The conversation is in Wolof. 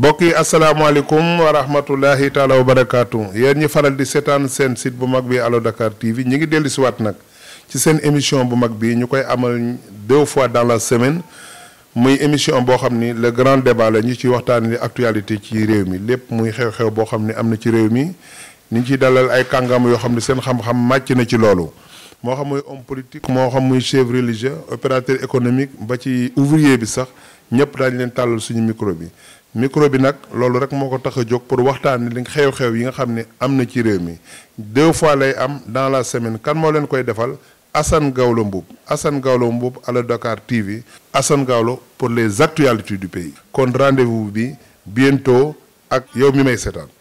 mbokk assalamu alaikum wa rahmatullahi taala wa barakatuh yéen ñi faral di sétane sen site bu mag bi Allo Dakar TV ñi ngi dellu si waat ci sen émission bu mag bi ñukoy amal deux fois dans la semaine muy émission bo xamni le grand débat la ñi ci waxtaan actualité ci réew mi lépp muy xew-xew bo xamni amna ci réew mi ñi ci dalal ay kangam yo xamni sen xam-xam màcc na ci lolu mo xam muy homme politique mo xam muy chef religieux opérateur économique ba ci ouvrier bi sax ñëpp daañu leen tàllal suñu micro bi micro bi nag loolu rek moo ko tax a jóg pour waxtaan li xeew xew yi nga xam ne am na ci réew mi deux fois lay am dans la semaine kan moo leen koy defal assan Gawlo Mboup Assane Gawlo Mboup à la Dakar TV Assane Gawlo pour les actualités du pays kon rendez-vous bi bientôt ak yow mi may seetaan